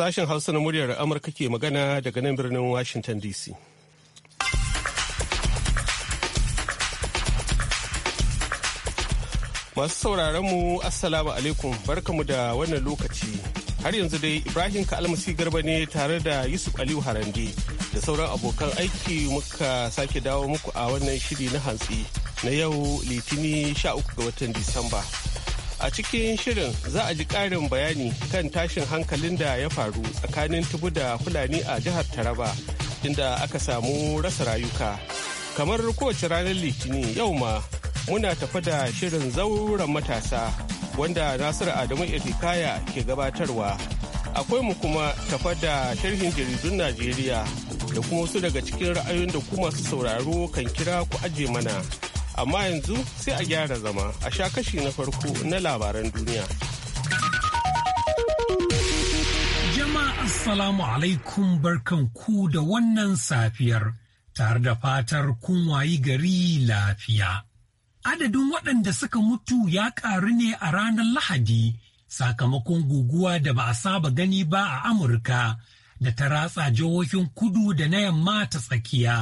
Sashen Hausa na muryar Amurka ke magana daga nan birnin Washington DC. Masu sauraron mu Assalamu alaikum barkamu da wannan lokaci. Har yanzu dai Ibrahim Kalmasi Garba ne tare da Yusuf Aliyu Harande da sauran abokan aiki muka sake dawo muku a wannan shiri na hantsi na yau Litini 13 ga watan Disamba. A cikin shirin za a ji ƙarin bayani kan tashin hankalin da ya faru tsakanin tubu da Fulani a jihar Taraba inda aka samu rasa rayuka. Kamar kowace ranar Litinin yau ma muna tafi da shirin zauren matasa wanda Nasiru Adamu Irikaya ke gabatarwa. Akwai mu kuma tafa da sharhin jaridun Najeriya da kuma wasu daga cikin ra'ayoyin da kuma su sauraro kan kira ku aje mana. amma yanzu sai a gyara zama a sha kashi na farko na labaran duniya. Jama'a Assalamu alaikum barkan ku da wannan safiyar tare da fatar kun wayi gari lafiya. Adadin waɗanda suka mutu ya ƙaru ne a ranar Lahadi sakamakon guguwa da ba a saba gani ba a Amurka da ta ratsa jihohin kudu da na yamma ta tsakiya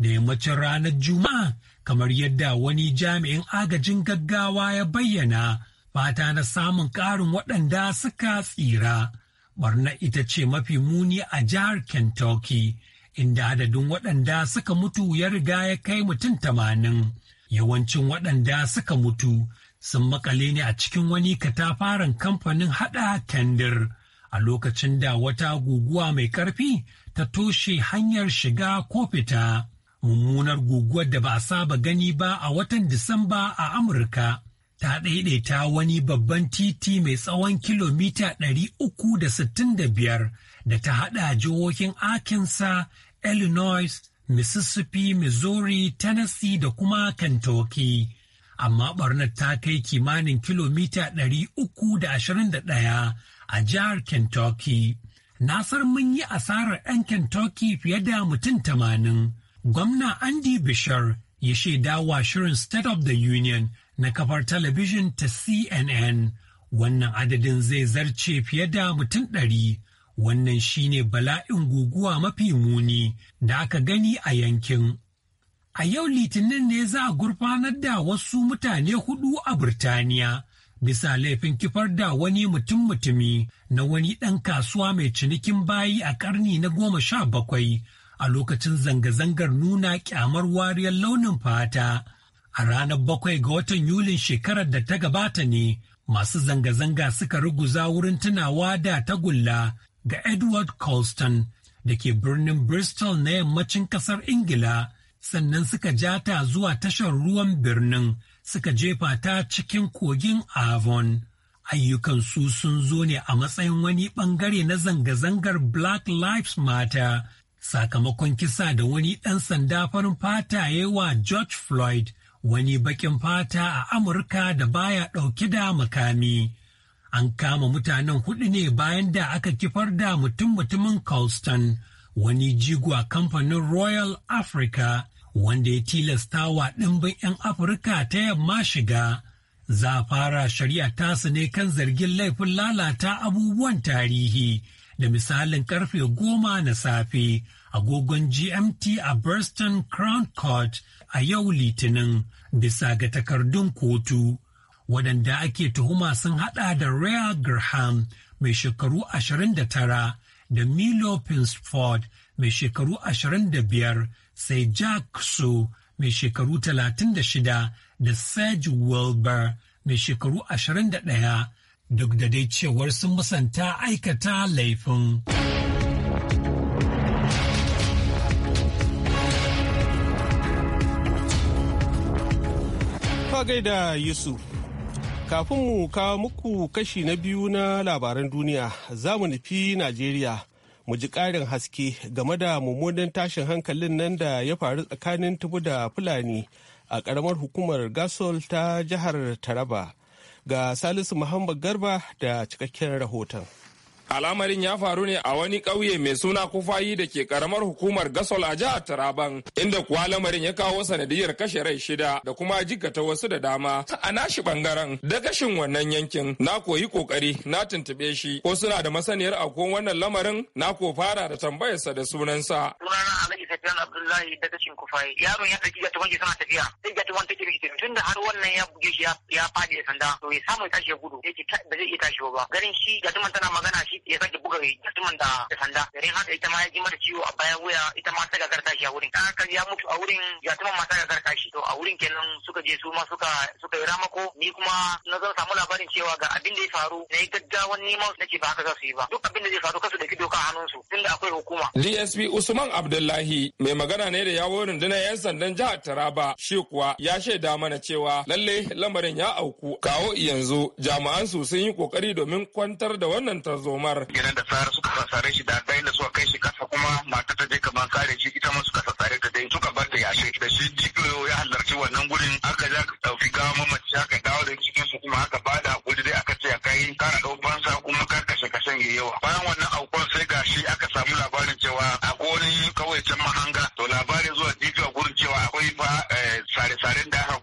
da yammacin ranar Juma'a kamar yadda wani jami'in agajin gaggawa ya bayyana fata na samun ƙarin waɗanda suka tsira. Barna ita ce mafi muni a jihar Kentucky, inda adadin waɗanda suka mutu ya riga ya kai mutum tamanin. Yawancin waɗanda suka mutu sun makale ne a cikin wani katafaren kamfanin haɗa tendir a lokacin da wata guguwa mai ƙarfi ta toshe hanyar shiga ko fita. mummunar guguwar da ba a saba gani ba a watan Disamba a Amurka ta ɗaiɗaita wani babban titi mai tsawon kilomita 365 da ta haɗa jihohin akinsa Illinois, Mississippi, Missouri, Tennessee da kuma Kentucky. Amma ɓarnar ta kai kimanin kilomita 321 a jihar Kentucky. Nasar mun yi asarar 'yan Kentucky fiye da mutum tamanin. Gwamna Andy Bishar ya shaidawa shirin State of the Union na kafar talabijin ta CNN. Wannan adadin zai zarce fiye da mutum ɗari. Wannan shine bala'in guguwa mafi muni da aka gani a yankin. A yau Litinin ne za a gurfanar da wasu mutane hudu a Birtaniya bisa laifin kifar da wani mutum-mutumi na wani ɗan kasuwa mai cinikin bayi a ƙarni na goma sha bakwai a lokacin zanga-zangar nuna kyamar wariyar launin fata. A ranar bakwai ga watan Yulin shekarar da ta gabata ne, masu zanga-zanga suka ruguza wurin tunawa da tagulla ga Edward Colston da ke birnin Bristol na yammacin kasar Ingila, sannan suka jata zuwa tashar ruwan birnin suka jefa ta cikin kogin Avon. Ayyukansu sun zo ne a matsayin wani bangare na zanga-zangar Black Lives Matter. sakamakon kisa da wani ɗan sanda farin fata ya wa George Floyd wani bakin fata a Amurka da baya ɗauke da makami. An kama mutanen hudu ne bayan da aka kifar da mutum-mutumin Colston, wani jigo kamfanin Royal Africa wanda ya tilasta wa ɗimbin 'yan Afirka ta yamma shiga. za fara shari'a tasu ne kan zargin laifin lalata abubuwan tarihi da misalin karfe goma na safe agogon GMT a Burston Crown Court a yau Litinin bisa ga takardun kotu. Waɗanda ake tuhuma sun haɗa da Rhea Graham mai shekaru 29 da Milo Pinsford mai shekaru 25 sai Jack Su mai shekaru 36 da Serge Wilbur mai shekaru 21 duk da dai cewar sun musanta aikata laifin. Fagaida Yusuf, kafin mu kawo muku kashi na biyu na labaran duniya za mu nufi Najeriya mu ji ƙarin haske game da mummunan tashin hankalin nan da ya faru tsakanin tubu da Fulani a ƙaramar hukumar Gasol ta jihar Taraba Ga Salisu Muhammad Garba da cikakken rahoton. Al'amarin ya faru ne a wani ƙauye mai suna kufayi da ke karamar hukumar Gasol a jihar Taraban, inda kuwa lamarin ya kawo sanadiyar kashe rai shida da kuma jikata wasu da dama. A nashi bangaren da gashin wannan yankin na koyi kokari na tuntube shi ko suna da masaniyar ko wannan lamarin na ko fara da tambayarsa da sunansa. Sunana Alhaji Safiyan Abdullahi da gashin kufayi. Yaron ya ɗauki gatuman ke sana tafiya. Sai gatuman take da tun da har wannan ya buge shi ya faɗi da sanda. To ya samu ya tashi ya gudu. Yake ba zai iya tashi ba. Garin shi gatuman tana magana shi ya sake buga mutumin da ta sanda garin haka ita ma ya ji da ciwo a bayan wuya ita ma ta gagar tashi a wurin haka ya mutu a wurin ya tuma ma ta gagar tashi to a wurin kenan suka je su ma suka suka yi ramako ni kuma na zan samu labarin cewa ga abin da ya faru na yi gaggawan neman na ce ba haka za su yi ba duk abin da zai faru kasu da doka a hannunsu tunda akwai hukuma. DSP Usman Abdullahi mai magana ne da yawon rundunar 'yan sandan jihar Taraba shi kuwa ya shaida mana cewa lalle lamarin ya auku kawo yanzu jami'an su sun yi kokari domin kwantar da wannan tarzoma tuhumar. Gidan da tsara suka sassare shi da dai da suka kai shi kasa kuma mata ta je kamar kare shi ita ma suka tsare ta dai suka bar ta yashe da shi jikiyo ya halarci wannan gurin aka ja ka ɗauki gawa mamaci aka dawo da cikin su kuma aka ba da hakuri dai aka ce a kai kara ɗau sa kuma kar kashe kashen ya yawa. Bayan wannan aukon sai gashi aka samu labarin cewa a wani kawai can mahanga to labarin zuwa jikiyo gurin cewa akwai fa eh, sare-saren da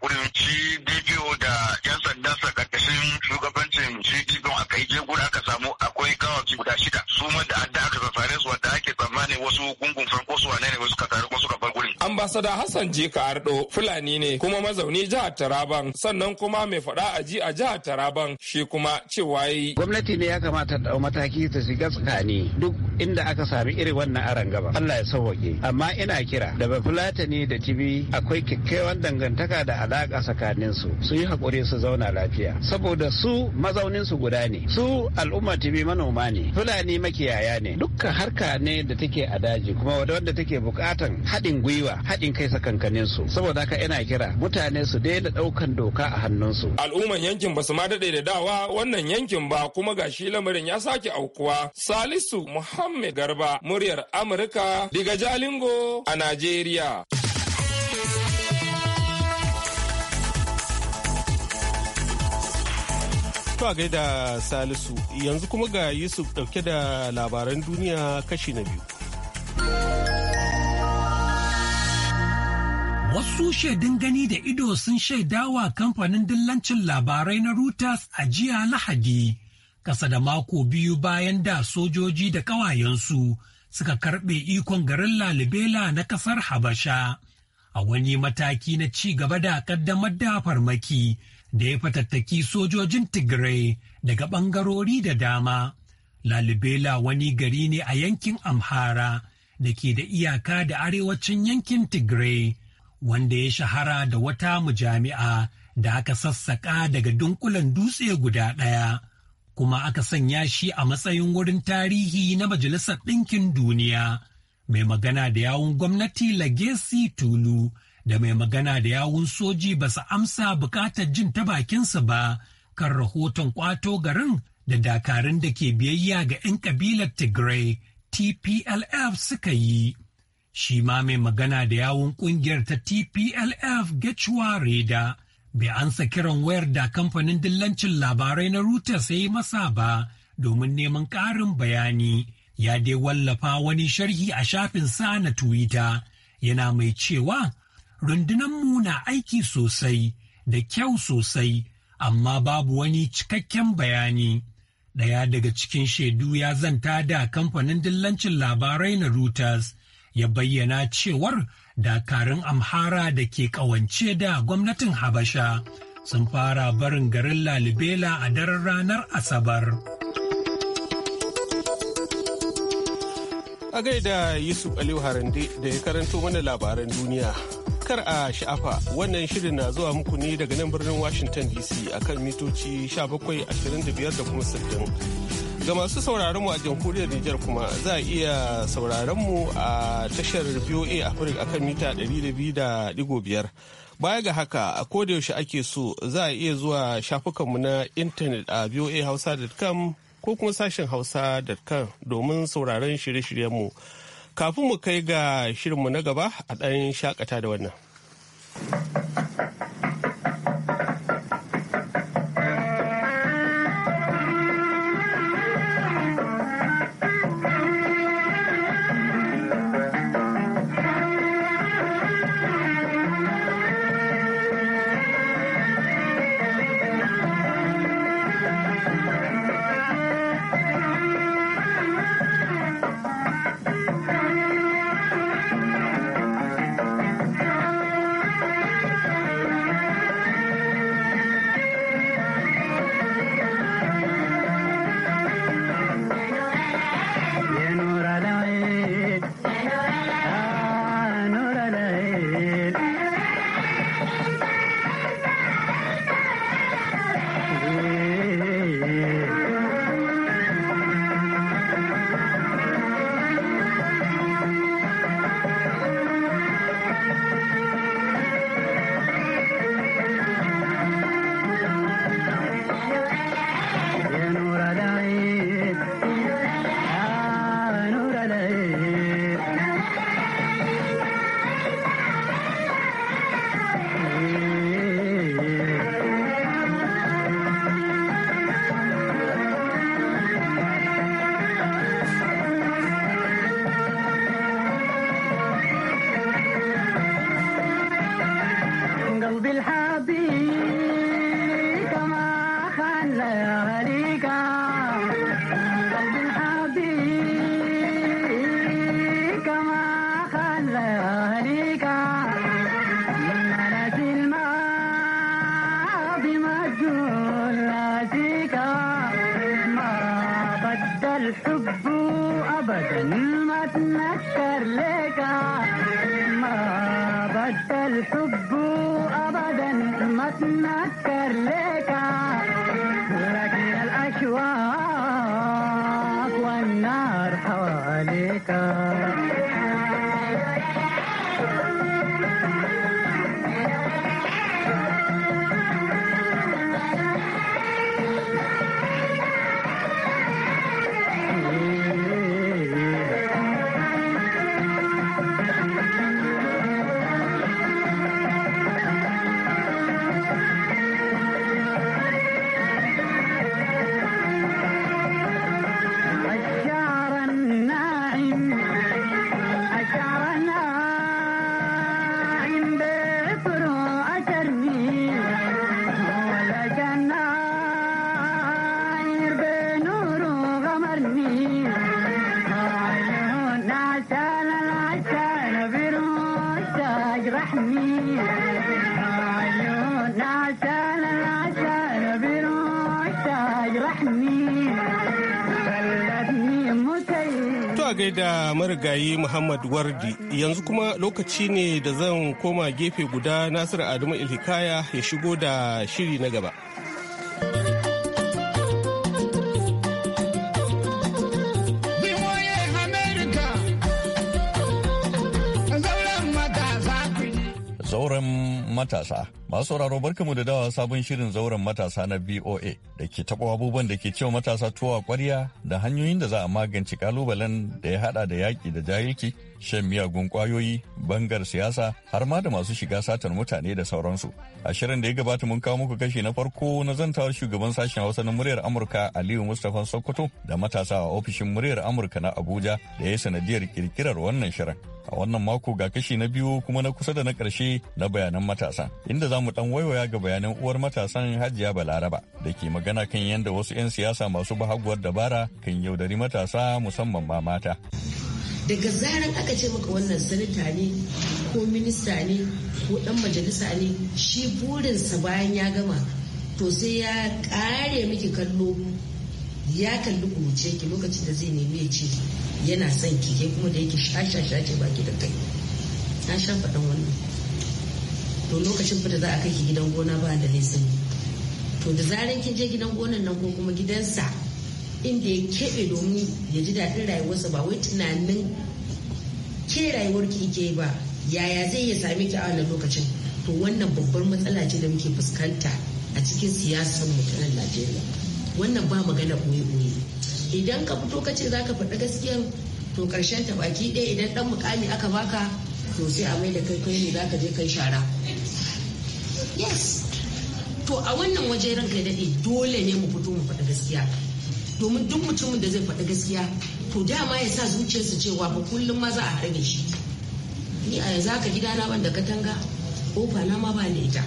al'ummar da adda aka fafare su wanda ake tsammani wasu gungun farko su wane ne wasu ka kuma suka bar gurin. Ambasada Hassan Jika Ardo Fulani ne kuma mazauni jihar Taraban sannan kuma mai faɗa a ji a jihar Taraban shi kuma cewa yi. Gwamnati ne ya kamata ta mataki ta shiga tsakani duk inda aka sami irin wannan aron gaba Allah ya sauwaƙe amma ina kira da fulatani da tibi akwai kyakkyawan dangantaka da alaƙa tsakanin su su yi haƙuri su zauna lafiya saboda su mazaunin su guda ne su al'umma tibi manoma ne fulani makiyaya ne dukkan harka ne da take a daji kuma wanda take buƙatan haɗin gwiwa haɗin kai tsakankanin su saboda haka ina kira mutane su daina ɗaukan doka a hannun su. Al'umman yankin basu ma daɗe da dawa wannan yankin ba kuma gashi lamarin ya sake aukuwa. Salisu Muhammad mai Garba, muryar Amurka daga Jalingo a Najeriya. To a gaida Salisu, yanzu kuma ga Yusuf ɗauke da labaran duniya kashi na biyu. Wasu shaidun gani da ido sun shaidawa kamfanin dillancin labarai na Reuters a jiya Lahadi. ƙasa da mako biyu bayan da sojoji da ƙawayensu suka karɓe ikon garin lalibela na ƙasar habasha a wani mataki na ci gaba da ƙaddamar da farmaki da ya fatattaki sojojin tigray daga ɓangarori da dama lalibela wani gari ne a yankin amhara da ke da iyaka da arewacin yankin tigray wanda ya shahara da wata mujami'a da aka sassaƙa daga dunkulen dutse guda ɗaya kuma aka sanya shi a matsayin wurin tarihi na Majalisar Ɗinkin Duniya. Mai magana da yawun gwamnati Lagesi Tulu da mai magana da yawun soji ba su amsa bukatar jin ta bakinsa ba kan rahoton kwato garin da dakarun da ke biyayya ga 'yan kabilar Tigray TPLF suka yi. Shi ma mai magana da yawun ƙungiyar ta TPLF Gachwa Reda bai ansa kiran wayar da kamfanin dillancin labarai na Reuters ya yi masa ba domin neman ƙarin bayani ya dai wallafa wani sharhi a shafin sa na Twitter yana mai cewa mu na aiki sosai da kyau sosai amma babu wani cikakken bayani. Ɗaya daga cikin shaidu ya zanta da kamfanin dillancin labarai na Reuters ya bayyana cewar dakarun amhara da ke ƙawance da gwamnatin habasha sun fara barin garin lalibela a daren ranar asabar a gaida yusuf aliyu harande da ya karanto mana labaran duniya kar a sha'afa wannan shirin na zuwa muku ne daga nan birnin washington dc akan mitoci 25 da kuma 60 Ga masu sauraron mu a jamhuriyar Nijar kuma za a iya sauraron mu a tashar VOA Africa akan mita 200.5. Baya ga haka a yaushe ake so za a iya zuwa shafukanmu na intanet a voahausa.com ko kuma sashen hausa.com domin sauraron shirye mu Kafin mu kai ga shirinmu na gaba a ɗan shakata da wannan. marigayi Muhammad Wardi. Yanzu kuma lokaci ne da zan koma gefe guda Nasiru Adamu Ilhikaya ya shigo da shiri na gaba. matasa. Masu sauraro barkamu da dawa sabon shirin zauren matasa na BOA da ke taɓa abubuwan da ke cewa matasa tuwa kwarya da hanyoyin da za a magance kalubalen da ya haɗa da yaƙi da jahilci shan miyagun kwayoyi bangar siyasa har ma da masu shiga satar mutane da sauransu a shirin da ya gabata mun kawo muku kashi na farko na zantawar shugaban sashen hausa na muryar amurka aliyu mustapha sokoto da matasa a ofishin muryar amurka na abuja da ya yi sanadiyar kirkirar wannan shirin a wannan mako ga kashi na biyu kuma na kusa da na ƙarshe na bayanan matasa inda za mu dan waiwaya ga bayanan uwar matasan hajiya balaraba da ke magana kan yadda wasu 'yan siyasa masu bahaguwar dabara kan yaudari matasa musamman ma mata daga zaran aka ce maka wannan sanita ne ko minista ne ko dan majalisa ne shi burinsa bayan ya gama to sai ya kare miki kallo ya kalli kuruce ki lokacin da zai nemi ya ce yana son ki kai kuma da yake shasha shace baki da kai na sha faɗan wannan to lokacin fita za a kai ki gidan gona ba da nisan to da zaran kin je gidan gonan nan ko kuma gidansa inda ya keɓe domin ya ji daɗin rayuwarsa ba wai tunanin ke rayuwar ki ke ba yaya zai ya sami ki a wannan lokacin to wannan babbar matsala ce da muke fuskanta a cikin siyasar mu ta Najeriya wannan ba magana boye boye idan ka fito ka ce zaka faɗa gaskiyar to karshen ta baki ɗaya idan ɗan mukami aka baka to sai a mai da kai kai ne zaka je kai shara yes to a wannan waje ranka daɗe dole ne mu fito mu faɗa gaskiya domin duk mutumin da zai faɗi gaskiya to dama ya sa zuciyarsa cewa ba kullum ma za a harbe shi ni a yanzu haka gidana ban da katanga kofa na ma ba ita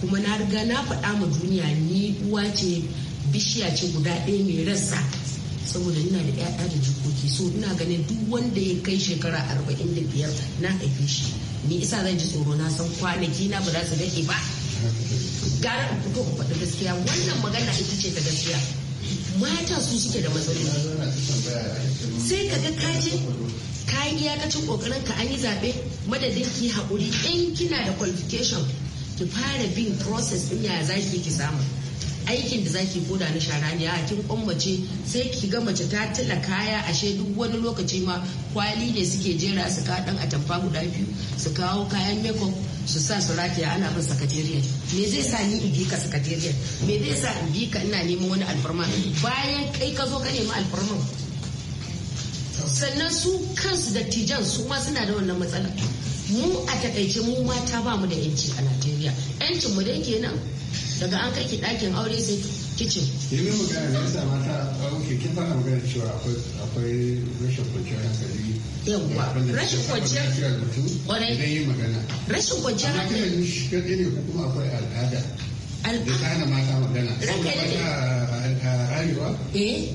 kuma na riga na faɗa ma duniya ni uwa ce bishiya ce guda ɗaya mai rassa saboda ina da 'ya'ya da jikoki so ina ganin duk wanda ya kai shekara arba'in da biyar na haife shi ni isa zan ji tsoro na san kwanaki na ba za su dake ba gara in fito in faɗi gaskiya wannan magana ita ce ta gaskiya mata su suke da matsaloli sai ka ga kaje ka yi iyakacin kokarin ka an yi zaɓe madadin ki haƙuri in kina da qualification ki fara bin process din ya zaki ki samu aikin da zaki koda na shara ne a kin kwammace sai ki ga mace ta tila kaya ashe duk wani lokaci ma kwali ne suke jera su ka dan atamfa guda biyu su kawo kayan makeup su sa su rataya ana bin sakatariyar me zai sa ni in bi ka me zai sa in bi ka ina neman wani alfarma bayan kai ka zo ka nemi alfarma sannan su kansu dattijan su ma suna da wannan matsala mu a takaice mu mata ba mu da yanci a najeriya yancin mu da yake nan daga an kai ki ɗakin aure sai kicin. Yanzu min magana da yasa mata ɗauke oh, kin fara magana cewa akwai rashin kwanciyar hankali. Yawwa rashin kwanciyar hankali. Idan yi magana. Rashin kwanciyar hankali. Amma kina nishi kan ne ko kuma akwai al'ada. Al'ada. Da kana mata magana. Ranka ne. Saboda arewa. Eh.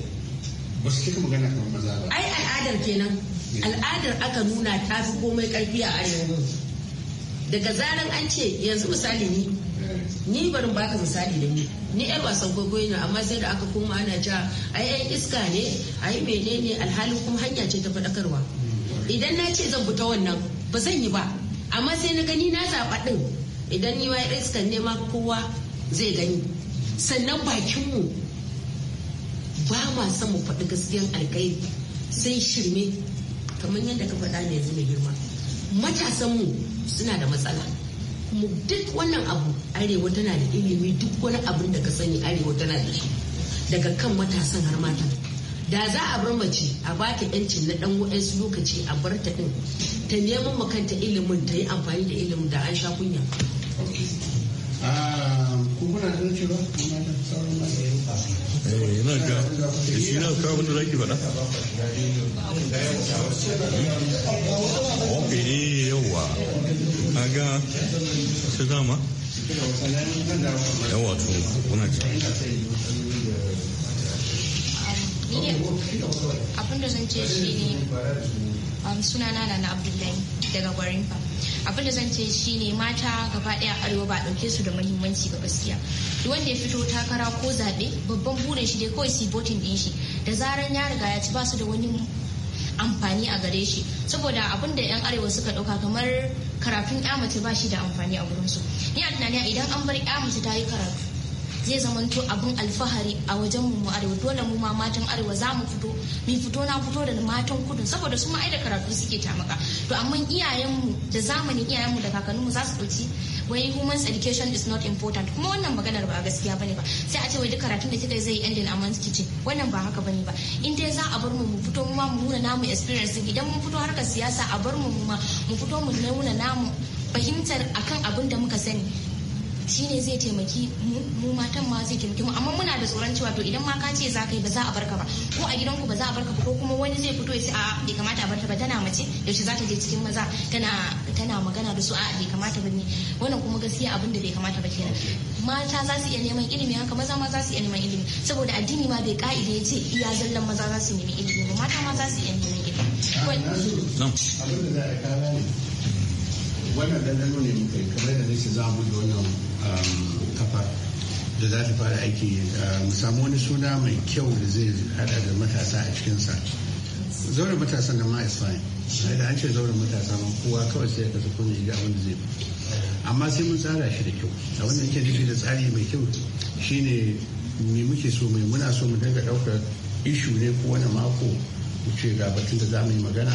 Ba su cika magana kamar maza ba. Ai al'adar kenan. Eh. Al'adar aka nuna ta fi komai ƙarfi a arewa. Daga zaran an ce yanzu misali ni ni barin baka misali da ni ni yar wasan kwaikwayo ne amma sai da aka koma ana cewa ai ai iska ne ai menene alhali kuma hanya ce ta faɗakarwa idan na ce zan fita wannan ba zan yi ba amma sai na gani na zaɓa ɗin idan ni ma iska ne ma kowa zai gani sannan bakinmu ba ma san mu faɗi gaskiyan alkai sai shirme kamar yadda ka faɗa ne yanzu mai girma matasanmu suna da matsala mu duk wannan abu arewa tana da ilimi duk wani abin da ka sani arewa tana da shi daga kan matasan har mata da za a bar mace a ba ta yancin na dan wa'ansu lokaci a bar ta din ta neman makanta ilimin ta yi amfani da ilimin da an sha kunya ah, kaga su dama yan wato kuna ce abin da zan ce shi ne um, sunana na na abdullahi daga gwarin fa da zan ce shi ne mata gaba daya arewa ba dauke su da mahimmanci ga gaskiya duk wanda ya fito takara ko zaɓe babban burin shi dai kawai su ɗin din shi da zaran ya riga ya ci ba da wani amfani a gare shi saboda abin da yan arewa suka ɗauka kamar karatun ya mace ba shi da amfani a gurinsu ni a tunani idan an bar ya mace ta yi karatu zai zamanto abin alfahari a wajen mu mu arewa dole mu ma matan arewa za mu fito mu fito na fito da matan kudu saboda su ma aida da karatu suke tamaka to amma iyayen mu da zamanin iyayen mu da kakannin mu za su dauki wai human education is not important kuma wannan maganar ba gaskiya bane ba sai a ce wai duk karatun da kika zai ending a man's kitchen wannan ba haka bane ba in dai za a bar mu mu fito mu ma mu nuna namu experience idan mun fito harkar siyasa a bar mu mu ma mu fito mu nuna namu fahimtar akan abin da muka sani Shi ne zai taimaki mu matan ma zai taimaki mu amma muna da tsoron cewa to idan ma ka ce za ka yi ba za a barka ba ko a gidanku ba za a barka ba ko kuma wani zai fito ya ce a bai kamata a barka ba tana mace yaushe za ta je cikin maza tana magana da su a bai kamata ba ne wannan kuma gaskiya abin da bai kamata ba kenan mata za su iya neman ilimi haka maza ma za su iya neman ilimi saboda addini ma bai ka'ida ya ce iya zallan maza za su nemi ilimi ba mata ma za su iya neman ilimi. Abin da za a wannan dandano ne muka yi kamar da nisa za mu wannan um, kafa da za ta fara aiki uh, mu samu wani suna mai kyau da zai hada da matasa a cikinsa zaure matasan da ma da an ce zaure matasa ma kowa kawai sai ya kasa zai ga abin da zai amma sai mun tsara shi da kyau a wannan yake nufi da tsari mai kyau shine me muke so mai muna so mu dinga daukar ishu ne ko wani mako ku ce ga batun da za mu yi magana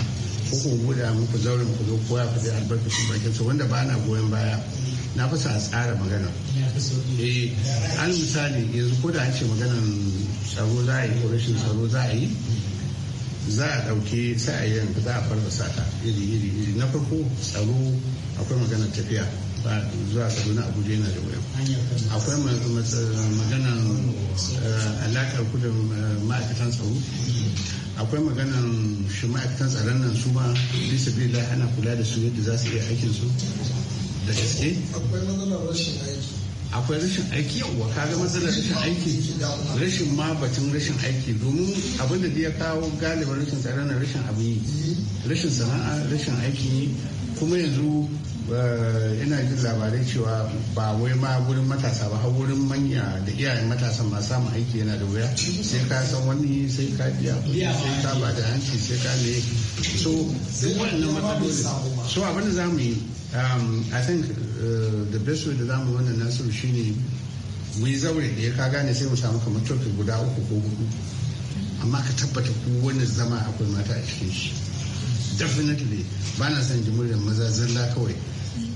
ko ku buɗa muku zauren ku zo koya ku zai albarkacin bakin su wanda ba na goyon baya na fasa a tsara magana eh an misali yanzu ko da an ce maganan tsaro za a yi ko rashin tsaro za a yi za a ɗauke sai ɗauki sa'ayin za a farfa sata iri iri iri na farko tsaro akwai maganar tafiya ba zuwa tsaro na abuja yana da wuya akwai maganar eh, alaƙar kudin eh, ma'aikatan tsaro akwai maganan shi ma'aikatan tsaron nan su ma bisa bila ana kula da su yadda za su iya aikin su da gaske akwai matsalar rashin aiki akwai rashin aiki yawwa kaga matsalar rashin aiki rashin ma batun rashin aiki domin abin da ya kawo galibin rashin tsaron nan rashin abin yi rashin sana'a rashin aiki kuma yanzu Eh, ina jin labarai cewa ba wai ma wurin matasa ba har wurin manya da iyayen matasan ma samun aiki yana da wuya sai ka san wani sai ka biya sai ka ba da hanci sai ka ne so duk wannan matsaloli so abin da za mu yi um, i think eh, the best way da za mu wannan nasiru shine mu yi zaure da ya ka gane sai mu samu kamar turki guda uku ko hudu amma ka tabbata ko wani zama akwai mata a cikin shi definitely ba na son jimurin maza zalla kawai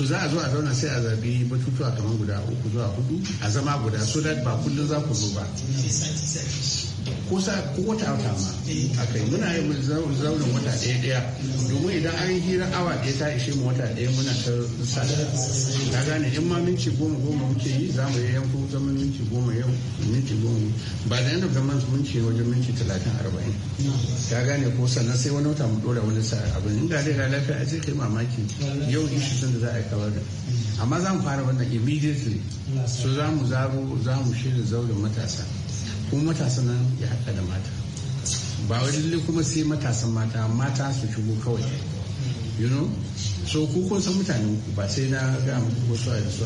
su za a zo a zauna sai a zabi batutuwa kamar guda uku zuwa hudu a zama guda so da ba kullum za ku zo ba kusa ko wata wata ma a yi muna yi zaunin wata ɗaya ɗaya domin idan an hira awa ɗaya ta ishe mu wata ɗaya muna ta sada ta gane in ma minci goma goma muke yi za mu yi yanku zama minci goma yau minci goma ba da yanda zaman minci wajen minci talatin arba'in ta gane ko sannan sai wani wata mu dora wani sa abin inda dai ga lafiya a sai kai mamaki yau ishi da za a yi kawar da amma za mu fara wannan immediately so za mu zaro za mu shirya zaurin matasa kuma matasan nan ya haɗa da mata ba wai lalle kuma sai matasan mata mata su shigo kawai you know so ku kun san mutanen ku ba sai na ga muku wasu a yanzu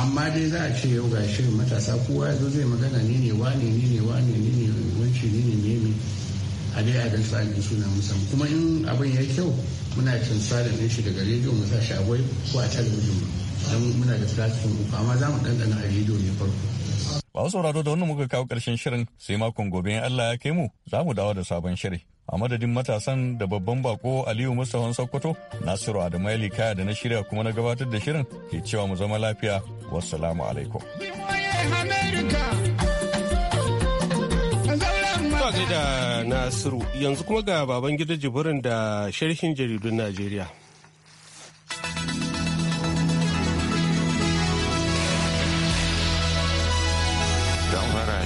amma dai za a ce yau ga shirin matasa kowa ya zo zai magana ne ne wane ne ne wane ne ne wanci ne ne ne a dai a gansu suna musamman kuma in abin ya kyau muna cin tsarin ɗin shi daga rediyo mu sa shi a ko a talabijin mu don muna da platform uku amma za mu ɗanɗana a rediyo ne farko Ba sauraro da wannan muka kawo ƙarshen shirin sai makon gobe in Allah ya kai mu za mu dawo da sabon shiri. A madadin matasan da babban bako Aliyu Mustapha Sokoto, Nasiru Adamu Ali Kaya da na shirya kuma na gabatar da shirin ke cewa mu zama lafiya. Wassalamu alaikum. Ba da Nasiru yanzu kuma ga baban gida jibirin da sharhin jaridun Najeriya.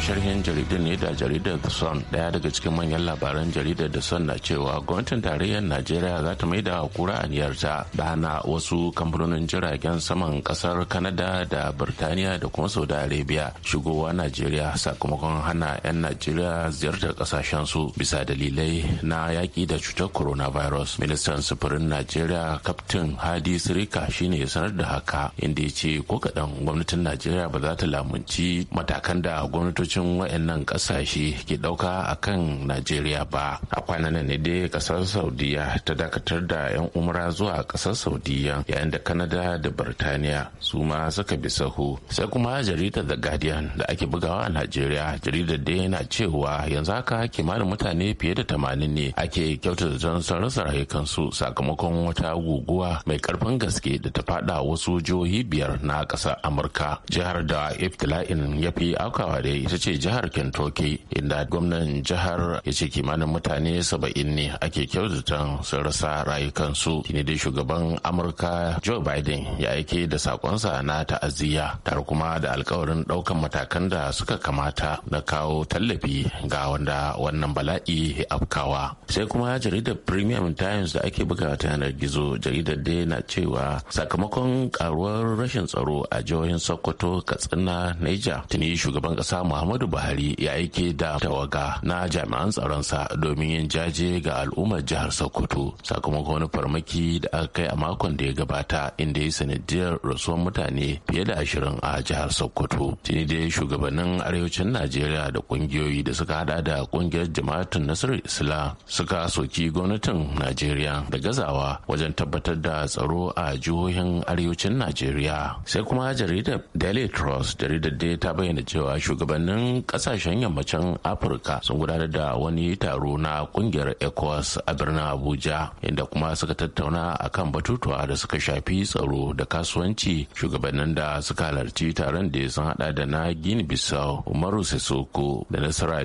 sharhin jaridu ne da jaridar the sun daya daga cikin manyan labaran jaridar the sun na cewa gwamnatin tarayyar najeriya za ta maida kura aniyarta da hana wasu kamfanonin jiragen saman kasar kanada da birtaniya da kuma saudi arabia shigowa najeriya sakamakon hana 'yan najeriya ziyartar kasashen su bisa dalilai na yaki da cutar coronavirus ministan sufurin najeriya kaftin hadi sirika shine ya sanar da haka inda ya ce ko kaɗan gwamnatin najeriya ba za ta lamunci matakan da gwamnatocin sojojin wayannan kasashe ke ɗauka a kan najeriya ba a kwanan ne dai ƙasar saudiya ta dakatar da 'yan umra zuwa ƙasar saudiya yayin da kanada da birtaniya su ma suka bi sahu sai kuma jaridar the guardian da ake bugawa a najeriya jaridar dai na cewa yanzu haka kimanin mutane fiye da tamanin ne ake kyautata don sun rasa rayukansu sakamakon wata guguwa mai karfin gaske da ta fada wasu jihohi biyar na kasar amurka jihar da iftila'in ya fi aukawa da ita ce ce jihar kentucky inda gwamnan jihar ya ce kimanin mutane saba'in ne ake kyautata sun rasa rayukansu ne dai shugaban amurka joe biden ya aike da sakonsa na ta'aziyya tare kuma da alkawarin daukan matakan da suka kamata na kawo tallafi ga wanda wannan bala'i ya afkawa sai kuma jaridar premium times da ake buga ta yanar gizo jaridar dai na cewa sakamakon karuwar rashin tsaro a jihohin sokoto katsina niger tuni shugaban kasa muhammadu muhammadu buhari ya aike da tawaga na jami'an tsaron sa domin yin jaje ga al'ummar jihar sokoto sakamakon wani farmaki da aka kai a makon da ya gabata inda ya sanadiyar rasuwar mutane fiye da ashirin a jihar sokoto tuni dai shugabannin arewacin najeriya da kungiyoyi da suka hada da kungiyar jama'atun nasarar Isla suka soki gwamnatin najeriya da gazawa wajen tabbatar da tsaro a jihohin arewacin najeriya sai kuma jaridar daily trust jaridar dai ta bayyana cewa shugabannin shugabannin kasashen yammacin afirka sun gudanar da wani taro na kungiyar ecowas a birnin abuja inda kuma suka tattauna a kan batutuwa da suka shafi tsaro da kasuwanci shugabannin da suka halarci taron da sun hada da na gini bissau umaru sesoko da na sierra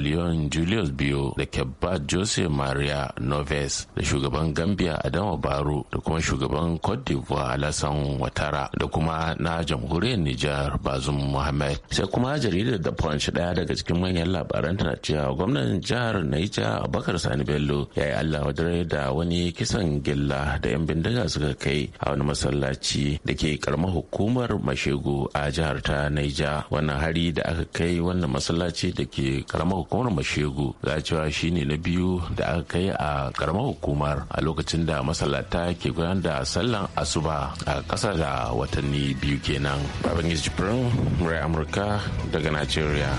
julius biyo da kebba jose maria noves da shugaban gambia adama baro da kuma shugaban cote d'ivoire alasan watara da kuma na jamhuriyar nijar bazum muhammad sai kuma jaridar da punch daya daga cikin manyan labaran tana cewa gwamnan jihar naija abubakar sani bello ya yi allah wajen da wani kisan gilla da yan bindiga suka kai a wani masallaci da ke karamar hukumar mashego a jihar ta naija wannan hari da aka kai wannan masallaci da ke karamar hukumar mashego za cewa shine na biyu da aka kai a karamar hukumar a lokacin da masallata ke gudanar da sallan asuba a ƙasa da watanni biyu kenan babangiji firin murai amurka daga najeriya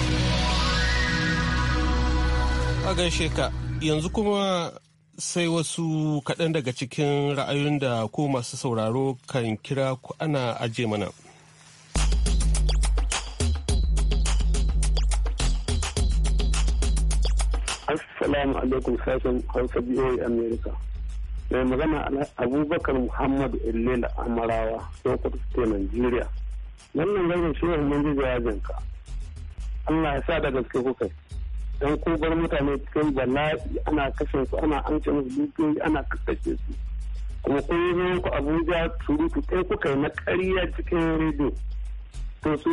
A gaishe ka yanzu kuma sai wasu kaɗan daga cikin ra'ayoyin da ko masu sauraro kan kira ku ana ajiye mana. Assalamu alaikum sashen Hausa BOA America. Mai magana Abubakar Muhammadu Illela Amarawa, Sokoto State Nigeria. Wannan gaisa shi mun ji Allah ya sa da gaske kuka don ko bar mutane cikin bala'i ana kashe su ana amce musu dukiyoyi ana kakkashe su kuma kun zo ku Abuja surutu kai kuka na ƙarya cikin rediyo to su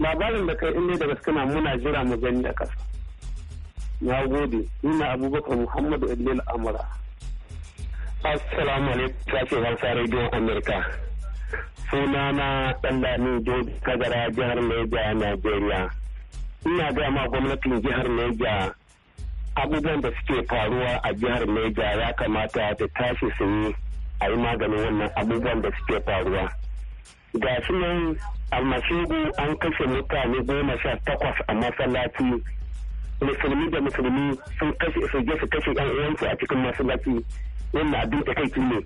labarin da kai inda da gaske na muna jira mu gani a ƙasa na gode ina abubakar muhammadu ilil amura assalamu alaikum sashen hausa rediyon amurka sunana ɗan da ni kagara jihar Leja, Najeriya. ina gaya ma gwamnatin jihar Neja abubuwan da suke faruwa a jihar Neja ya kamata ta tashi su a yi maganin wannan abubuwan da suke faruwa. Ga shi nan a almashigu an kashe mutane goma sha takwas a masallaci musulmi da musulmi sun kashe su je su kashe yan uwansu a cikin masallaci wannan abin da kai ne.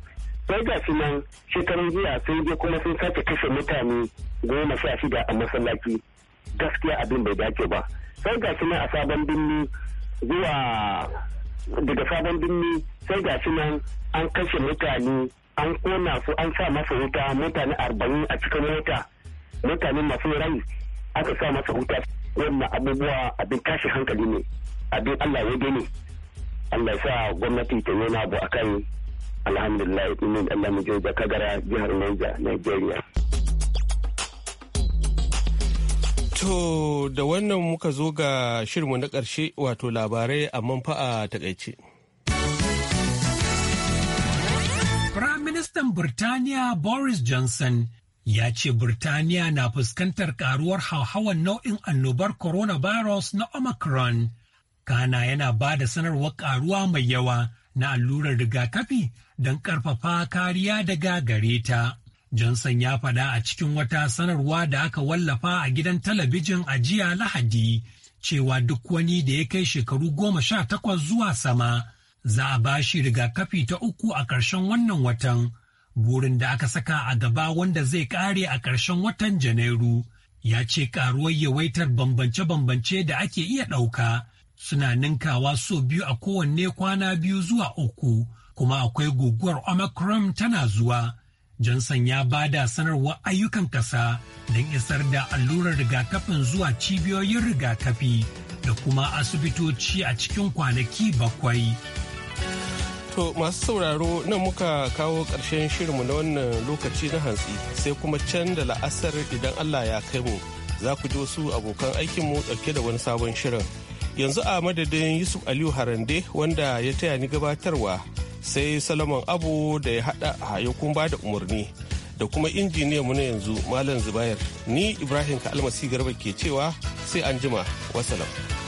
Sai ga shi nan shekarun jiya sun je kuma sun sake kashe mutane goma sha shida a masallaci. gaskiya abin bai dace ba sai ga shi nan a sabon birni zuwa daga sabon birni sai ga shi nan an kashe mutane an kona su an sa masa wuta mutane arba'in a cikin mota mutane masu rai aka sa masa wuta wannan abubuwa abin kashe hankali ne abin allah ya gani allah ya sa gwamnati ta yi abu a kai alhamdulillah ina allah mu je da kagara jihar niger nigeria To da wannan muka zo ga shirmu na ƙarshe wato labarai amma fa a takaice. Firaministan Birtaniya Boris Johnson ya ce Birtaniya na fuskantar karuwar hauhawan nau'in annobar coronavirus na Omicron. Kana yana ba da sanarwar karuwa mai yawa na allurar rigakafi don ƙarfafa kariya daga gare ta. Johnson ya faɗa a cikin wata sanarwa da aka wallafa a gidan talabijin a jiya Lahadi cewa duk wani da ya kai shekaru goma sha takwas zuwa sama za a ba shi rigakafi ta uku a ƙarshen wannan watan. Burin da aka saka a gaba wanda zai ƙare a ƙarshen watan Janairu ya ce ƙaruwar yawaitar bambance-bambance da ake iya ɗauka suna ninkawa so biyu a kowanne kwana biyu zuwa uku kuma akwai guguwar Omicron tana zuwa. Johnson ya ba da sanarwa ayyukan ƙasa don isar da allurar rigakafin zuwa cibiyoyin rigakafi da kuma asibitoci a cikin kwanaki bakwai. To masu sauraro nan muka kawo ƙarshen shirinmu na wannan lokaci na hantsi sai kuma can da la'asar idan Allah ya kai mu za ku ji wasu abokan aikinmu ɗauke da wani sabon shirin. Yanzu a madadin Yusuf Aliyu Harande wanda ya taya ni gabatarwa. sai Solomon Abu da ya haɗa hayakun ba da umarni da kuma mu na yanzu Malam Zubair. Ni Ibrahim ka almasi Garba ke cewa sai an jima wasalam.